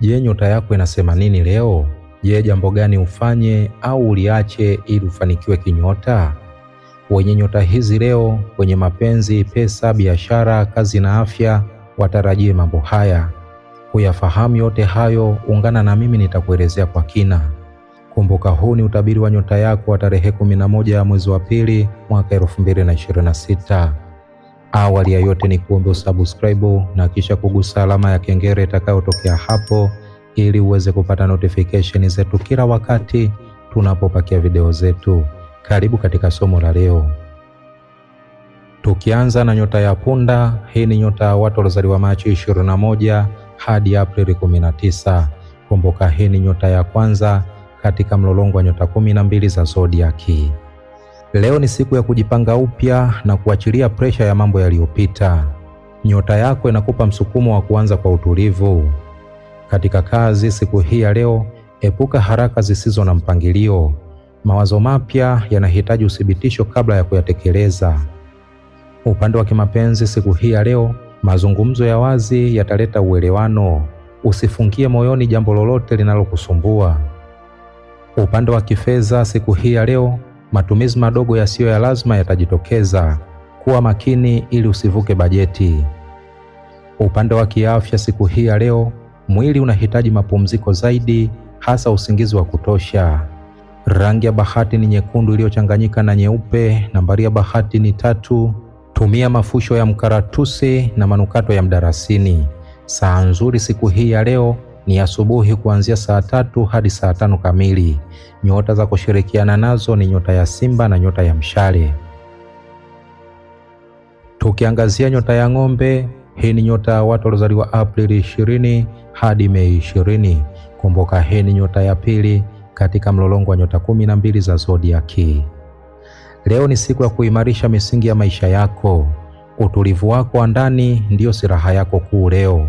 Je, nyota yako inasema nini leo? Je, jambo gani ufanye au uliache ili ufanikiwe kinyota? Wenye nyota hizi leo, kwenye mapenzi, pesa, biashara, kazi na afya, watarajie mambo haya. Kuyafahamu yote hayo, ungana na mimi nitakuelezea kwa kina. Kumbuka, huu ni utabiri wa nyota yako wa tarehe 11 ya mwezi wa pili mwaka 2026. Awali ya yote ni kuombe usubscribe na kisha kugusa alama ya kengele itakayotokea hapo ili uweze kupata notification zetu kila wakati tunapopakia video zetu. Karibu katika somo la leo, tukianza na nyota ya punda. Hii ni nyota ya watu waliozaliwa Machi 21 hadi Aprili 19. Kumbuka, hii ni nyota ya kwanza katika mlolongo wa nyota kumi na mbili za zodiaki. Leo ni siku ya kujipanga upya na kuachilia presha ya mambo yaliyopita. Nyota yako inakupa msukumo wa kuanza kwa utulivu. Katika kazi siku hii ya leo, epuka haraka zisizo na mpangilio. Mawazo mapya yanahitaji uthibitisho kabla ya kuyatekeleza. Upande wa kimapenzi siku hii ya leo, mazungumzo ya wazi yataleta uelewano. Usifungie moyoni jambo lolote linalokusumbua. Upande wa kifedha siku hii ya leo, matumizi madogo yasiyo ya lazima yatajitokeza. Kuwa makini ili usivuke bajeti. Upande wa kiafya, siku hii ya leo, mwili unahitaji mapumziko zaidi, hasa usingizi wa kutosha. Rangi ya bahati ni nyekundu iliyochanganyika na nyeupe. Nambari ya bahati ni tatu. Tumia mafusho ya mkaratusi na manukato ya mdarasini. Saa nzuri siku hii ya leo ni asubuhi kuanzia saa tatu hadi saa tano kamili. Nyota za kushirikiana nazo ni nyota ya Simba na nyota ya Mshale. Tukiangazia nyota ya Ng'ombe, hii ni nyota ya watu waliozaliwa Aprili ishirini hadi Mei ishirini. Kumbuka, hii ni nyota ya pili katika mlolongo wa nyota kumi na mbili za zodiaki. Leo ni siku ya kuimarisha misingi ya maisha yako. Utulivu wako wa ndani ndiyo silaha yako kuu leo.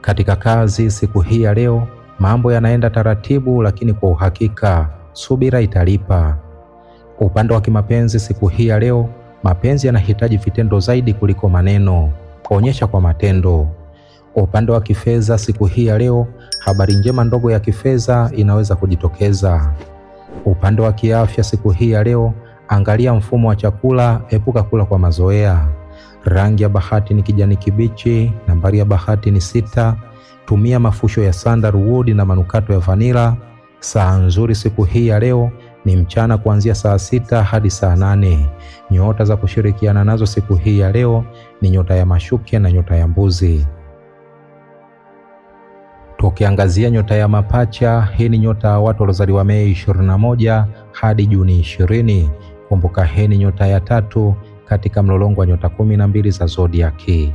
Katika kazi siku hii ya leo, mambo yanaenda taratibu, lakini kwa uhakika subira italipa. Upande wa kimapenzi siku hii ya leo, mapenzi yanahitaji vitendo zaidi kuliko maneno, onyesha kwa matendo. Upande wa kifedha siku hii ya leo, habari njema ndogo ya kifedha inaweza kujitokeza. Upande wa kiafya siku hii ya leo, angalia mfumo wa chakula, epuka kula kwa mazoea. Rangi ya bahati ni kijani kibichi. Nambari ya bahati ni sita. Tumia mafusho ya sandalwood na manukato ya vanila. Saa nzuri siku hii ya leo ni mchana kuanzia saa sita hadi saa nane. Nyota za kushirikiana nazo siku hii ya leo ni nyota ya mashuke na nyota ya mbuzi. Tukiangazia nyota ya mapacha, hii ni nyota ya watu waliozaliwa Mei 21 hadi Juni 20. Kumbuka, hii ni nyota ya tatu katika mlolongo wa nyota kumi na mbili za zodiaki.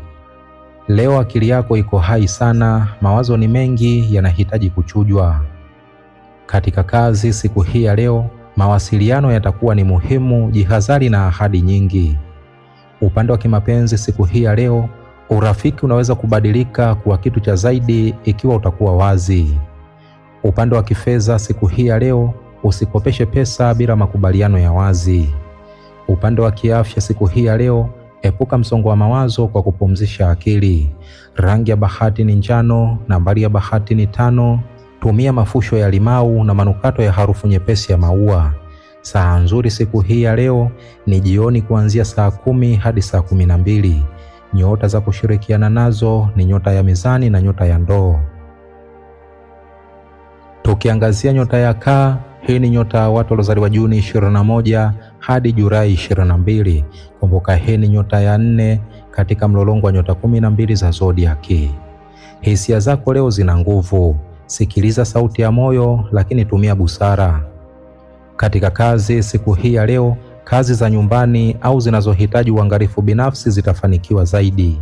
Leo akili yako iko hai sana, mawazo ni mengi yanahitaji kuchujwa. Katika kazi siku hii ya leo, mawasiliano yatakuwa ni muhimu, jihadhari na ahadi nyingi. Upande wa kimapenzi siku hii ya leo, urafiki unaweza kubadilika kuwa kitu cha zaidi ikiwa utakuwa wazi. Upande wa kifedha siku hii ya leo, usikopeshe pesa bila makubaliano ya wazi. Upande wa kiafya siku hii ya leo, epuka msongo wa mawazo kwa kupumzisha akili. Rangi ya bahati ni njano, nambari ya bahati ni tano. Tumia mafusho ya limau na manukato ya harufu nyepesi ya maua. Saa nzuri siku hii ya leo ni jioni kuanzia saa kumi hadi saa kumi na mbili. Nyota za kushirikiana nazo ni nyota ya mizani na nyota ya ndoo. Tukiangazia nyota ya kaa, hii ni nyota ya watu waliozaliwa Juni 21 hadi Julai 22. Kumbuka hii ni nyota ya nne katika mlolongo wa nyota 12 za zodiaki. Hisia zako leo zina nguvu. Sikiliza sauti ya moyo, lakini tumia busara katika kazi. Siku hii ya leo, kazi za nyumbani au zinazohitaji uangalifu binafsi zitafanikiwa zaidi.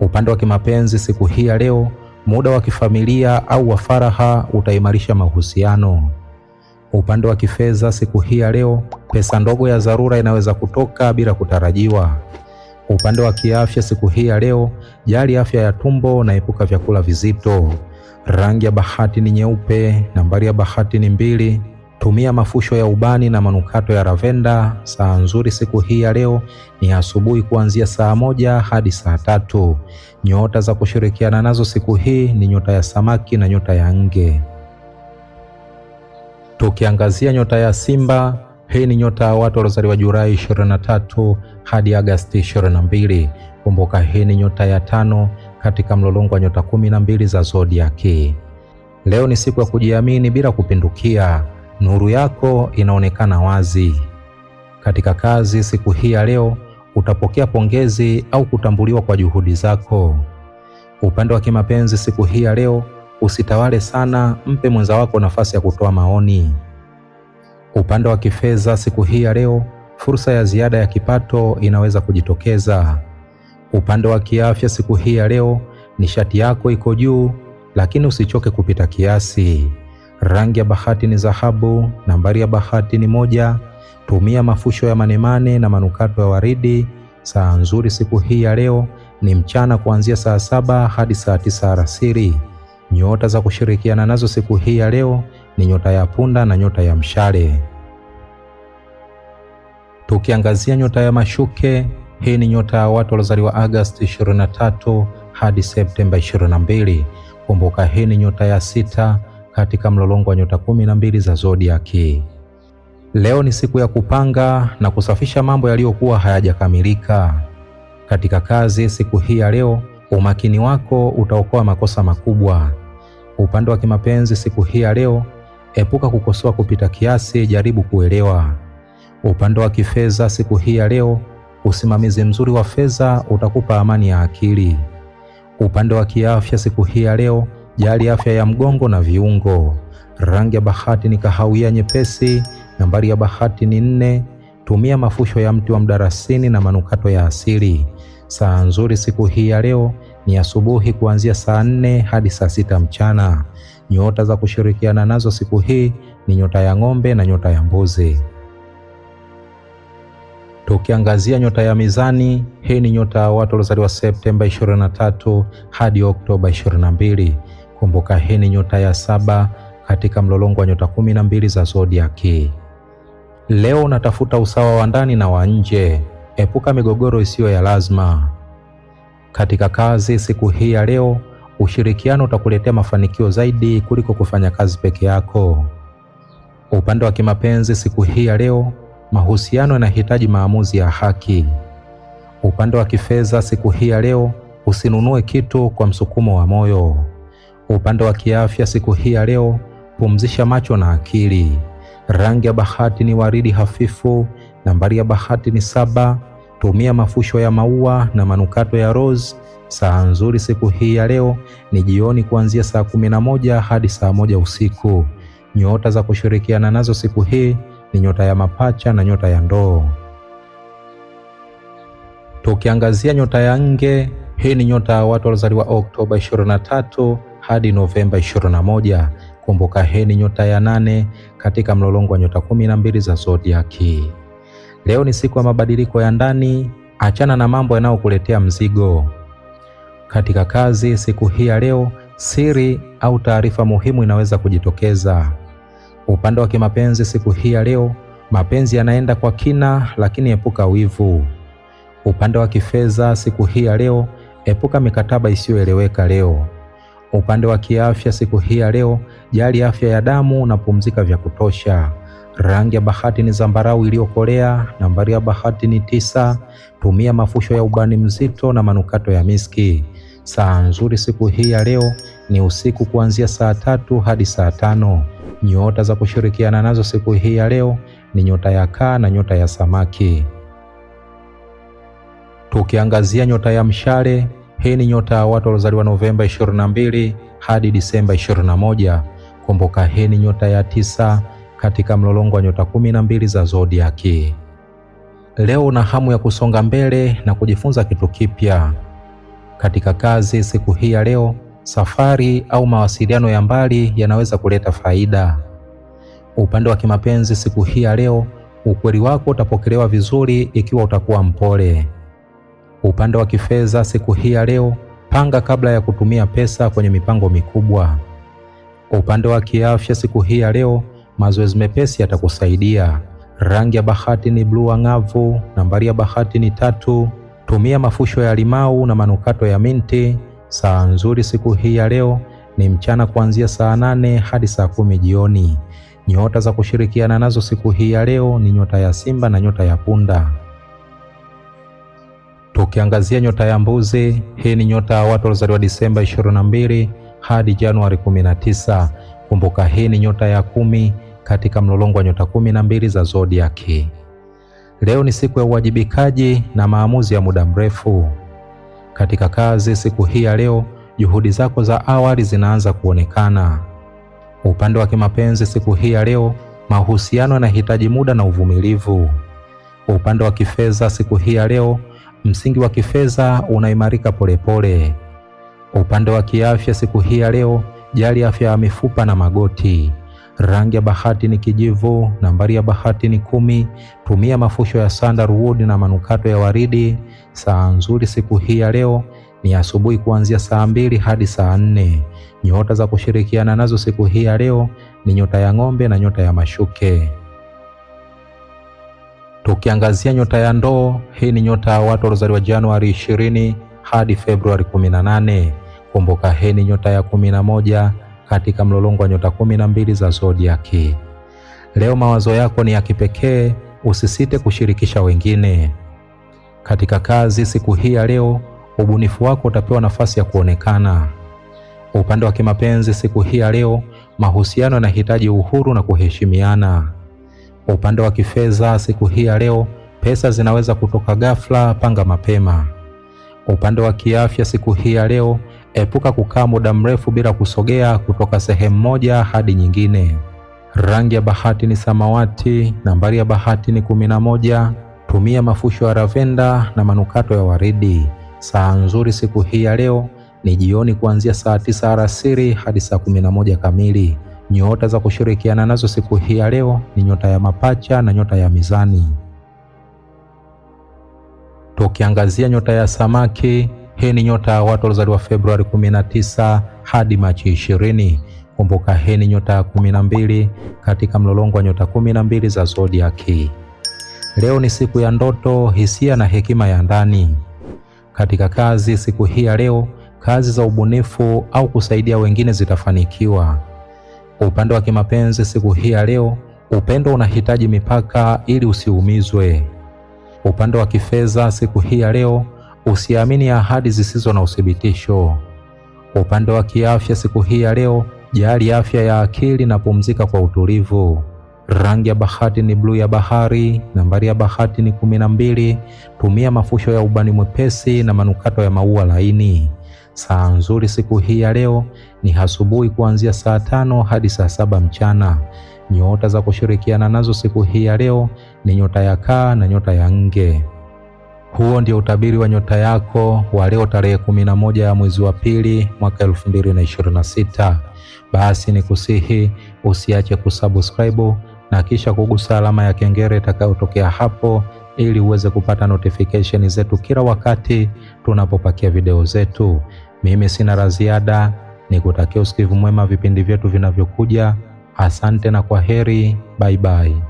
Upande wa kimapenzi, siku hii ya leo Muda wa kifamilia au wa faraha utaimarisha mahusiano. Upande wa kifedha siku hii ya leo, pesa ndogo ya dharura inaweza kutoka bila kutarajiwa. Upande wa kiafya siku hii ya leo, jali afya ya tumbo na epuka vyakula vizito. Rangi ya bahati ni nyeupe. Nambari ya bahati ni mbili. Tumia mafusho ya ubani na manukato ya lavenda. Saa nzuri siku hii ya leo ni asubuhi kuanzia saa moja hadi saa tatu. Nyota za kushirikiana nazo siku hii ni nyota ya samaki na nyota ya nge. Tukiangazia nyota ya Simba, hii ni nyota ya watu waliozaliwa Julai 23 hadi Agasti 22. Kumbuka hii ni nyota ya tano katika mlolongo wa nyota kumi na mbili za zodiaki. Leo ni siku ya kujiamini bila kupindukia Nuru yako inaonekana wazi. Katika kazi siku hii ya leo utapokea pongezi au kutambuliwa kwa juhudi zako. Upande wa kimapenzi siku hii ya leo usitawale sana, mpe mwenza wako nafasi ya kutoa maoni. Upande wa kifedha siku hii ya leo, fursa ya ziada ya kipato inaweza kujitokeza. Upande wa kiafya siku hii ya leo, nishati yako iko juu, lakini usichoke kupita kiasi. Rangi ya bahati ni dhahabu. Nambari ya bahati ni moja. Tumia mafusho ya manemane na manukato ya waridi. Saa nzuri siku hii ya leo ni mchana kuanzia saa saba hadi saa tisa alasiri. Nyota za kushirikiana nazo siku hii ya leo ni nyota ya punda na nyota ya mshale. Tukiangazia nyota ya mashuke, hii ni nyota ya watu waliozaliwa Agosti 23 hadi Septemba 22. Kumbuka, hii ni nyota ya sita katika mlolongo wa nyota kumi na mbili za zodiaki. Leo ni siku ya kupanga na kusafisha mambo yaliyokuwa hayajakamilika. Katika kazi siku hii ya leo, umakini wako utaokoa makosa makubwa. Upande wa kimapenzi siku hii ya leo, epuka kukosoa kupita kiasi, jaribu kuelewa. Upande wa kifedha siku hii ya leo, usimamizi mzuri wa fedha utakupa amani ya akili. Upande wa kiafya siku hii ya leo, Jali afya ya mgongo na viungo. Rangi ya bahati ni kahawia nyepesi. Nambari ya bahati ni nne. Tumia mafusho ya mti wa mdarasini na manukato ya asili. Saa nzuri siku hii ya leo ni asubuhi kuanzia saa nne hadi saa sita mchana. Nyota za kushirikiana nazo siku hii ni nyota ya ng'ombe na nyota ya mbuzi. Tukiangazia nyota ya Mizani, hii ni nyota ya watu waliozaliwa Septemba 23 hadi Oktoba 22. Kumbuka hii ni nyota ya saba katika mlolongo wa nyota kumi na mbili za zodiaki. Leo unatafuta usawa wa ndani na wa nje. Epuka migogoro isiyo ya lazima. Katika kazi siku hii ya leo, ushirikiano utakuletea mafanikio zaidi kuliko kufanya kazi peke yako. Upande wa kimapenzi siku hii ya leo, mahusiano yanahitaji maamuzi ya haki. Upande wa kifedha siku hii ya leo, usinunue kitu kwa msukumo wa moyo upande wa kiafya siku hii ya leo, pumzisha macho na akili. Rangi ya bahati ni waridi hafifu. Nambari ya bahati ni saba. Tumia mafusho ya maua na manukato ya rose. Saa nzuri siku hii ya leo ni jioni kuanzia saa kumi na moja hadi saa moja usiku. Nyota za kushirikiana nazo siku hii ni nyota ya mapacha na nyota ya ndoo. Tukiangazia nyota ya nge, hii ni nyota ya watu waliozaliwa Oktoba 23 hadi Novemba 21. Kumbuka, hii ni nyota ya nane katika mlolongo wa nyota kumi na mbili za zodiaki. Leo ni siku ya mabadiliko ya ndani. Achana na mambo yanayokuletea mzigo katika kazi. Siku hii ya leo, siri au taarifa muhimu inaweza kujitokeza. Upande wa kimapenzi, siku hii ya leo, mapenzi yanaenda kwa kina, lakini epuka wivu. Upande wa kifedha, siku hii ya leo, epuka mikataba isiyoeleweka leo. Kwa upande wa kiafya, siku hii ya leo, jali afya ya damu na pumzika vya kutosha. Rangi ya bahati ni zambarau iliyokolea. Nambari ya bahati ni tisa. Tumia mafusho ya ubani mzito na manukato ya miski. Saa nzuri siku hii ya leo ni usiku kuanzia saa tatu hadi saa tano. Nyota za kushirikiana nazo siku hii ya leo ni nyota ya kaa na nyota ya samaki. Tukiangazia nyota ya mshale hii ni nyota ya watu waliozaliwa Novemba 22 hadi Disemba 21. Kumbuka, hii ni nyota ya tisa katika mlolongo wa nyota kumi na mbili za zodiaki. Leo una hamu ya kusonga mbele na kujifunza kitu kipya katika kazi. Siku hii ya leo, safari au mawasiliano ya mbali yanaweza kuleta faida. Upande wa kimapenzi, siku hii ya leo, ukweli wako utapokelewa vizuri ikiwa utakuwa mpole. Upande wa kifedha siku hii ya leo, panga kabla ya kutumia pesa kwenye mipango mikubwa. Upande wa kiafya siku hii ya leo, mazoezi mepesi yatakusaidia. Rangi ya bahati ni bluu ang'avu. Nambari ya bahati ni tatu. Tumia mafusho ya limau na manukato ya minti. Saa nzuri siku hii ya leo ni mchana kuanzia saa nane hadi saa kumi jioni. Nyota za kushirikiana nazo siku hii ya leo ni nyota ya Simba na nyota ya Punda. Tukiangazia nyota ya mbuzi, hii ni nyota ya watu waliozaliwa Disemba 22 hadi Januari 19. Kumbuka hii ni nyota ya kumi katika mlolongo wa nyota kumi na mbili za zodiaki. Leo ni siku ya uwajibikaji na maamuzi ya muda mrefu katika kazi. Siku hii ya leo, juhudi zako za awali zinaanza kuonekana. Upande wa kimapenzi, siku hii ya leo, mahusiano yanahitaji muda na uvumilivu. Upande wa kifedha, siku hii ya leo msingi wa kifedha unaimarika polepole. Upande wa kiafya siku hii ya leo, jali afya ya mifupa na magoti. Rangi ya bahati ni kijivu. Nambari ya bahati ni kumi. Tumia mafusho ya sandalwood na manukato ya waridi. Saa nzuri siku hii ya leo ni asubuhi kuanzia saa mbili hadi saa nne. Nyota za kushirikiana nazo siku hii ya leo ni nyota ya ng'ombe na nyota ya mashuke. Tukiangazia nyota ya ndoo, hii ni nyota ya watu waliozaliwa Januari 20 hadi Februari 18. Kumbuka hii ni nyota ya 11 katika mlolongo wa nyota 12 za zodiaki. Leo mawazo yako ni ya kipekee, usisite kushirikisha wengine katika kazi. Siku hii ya leo, ubunifu wako utapewa nafasi ya kuonekana. Upande wa kimapenzi, siku hii ya leo, mahusiano yanahitaji uhuru na kuheshimiana. Kwa upande wa kifedha, siku hii ya leo pesa zinaweza kutoka ghafla, panga mapema. Kwa upande wa kiafya, siku hii ya leo epuka kukaa muda mrefu bila kusogea kutoka sehemu moja hadi nyingine. Rangi ya bahati ni samawati. Nambari ya bahati ni kumi na moja. Tumia mafusho ya ravenda na manukato ya waridi. Saa nzuri siku hii ya leo ni jioni kuanzia saa tisa alasiri hadi saa kumi na moja kamili. Nyota za kushirikiana nazo siku hii ya leo ni nyota ya mapacha na nyota ya mizani. Tukiangazia nyota ya samaki, hii ni nyota ya watu waliozaliwa Februari 19 hadi Machi 20. Kumbuka, hii ni nyota ya 12 katika mlolongo wa nyota 12 za zodiaki. Leo ni siku ya ndoto, hisia na hekima ya ndani. Katika kazi siku hii ya leo, kazi za ubunifu au kusaidia wengine zitafanikiwa. Kwa upande wa kimapenzi siku hii ya leo, upendo unahitaji mipaka ili usiumizwe. Upande wa kifedha siku hii ya leo, usiamini ahadi zisizo na uthibitisho. Upande wa kiafya siku hii ya leo, jali afya ya akili na pumzika kwa utulivu. Rangi ya bahati ni bluu ya bahari. Nambari ya bahati ni kumi na mbili. Tumia mafusho ya ubani mwepesi na manukato ya maua laini. Saa nzuri siku hii ya leo ni asubuhi kuanzia saa tano hadi saa saba mchana. Nyota za kushirikiana nazo siku hii ya leo ni nyota ya kaa na nyota ya nge. Huo ndio utabiri wa nyota yako wa leo tarehe 11 ya mwezi wa pili mwaka 2026. Basi ni kusihi usiache kusubscribe na kisha kugusa alama ya kengele itakayotokea hapo ili uweze kupata notification zetu kila wakati tunapopakia video zetu. Mimi sina la ziada, nikutakia usikivu mwema vipindi vyetu vinavyokuja. Asante na kwa heri, baibai.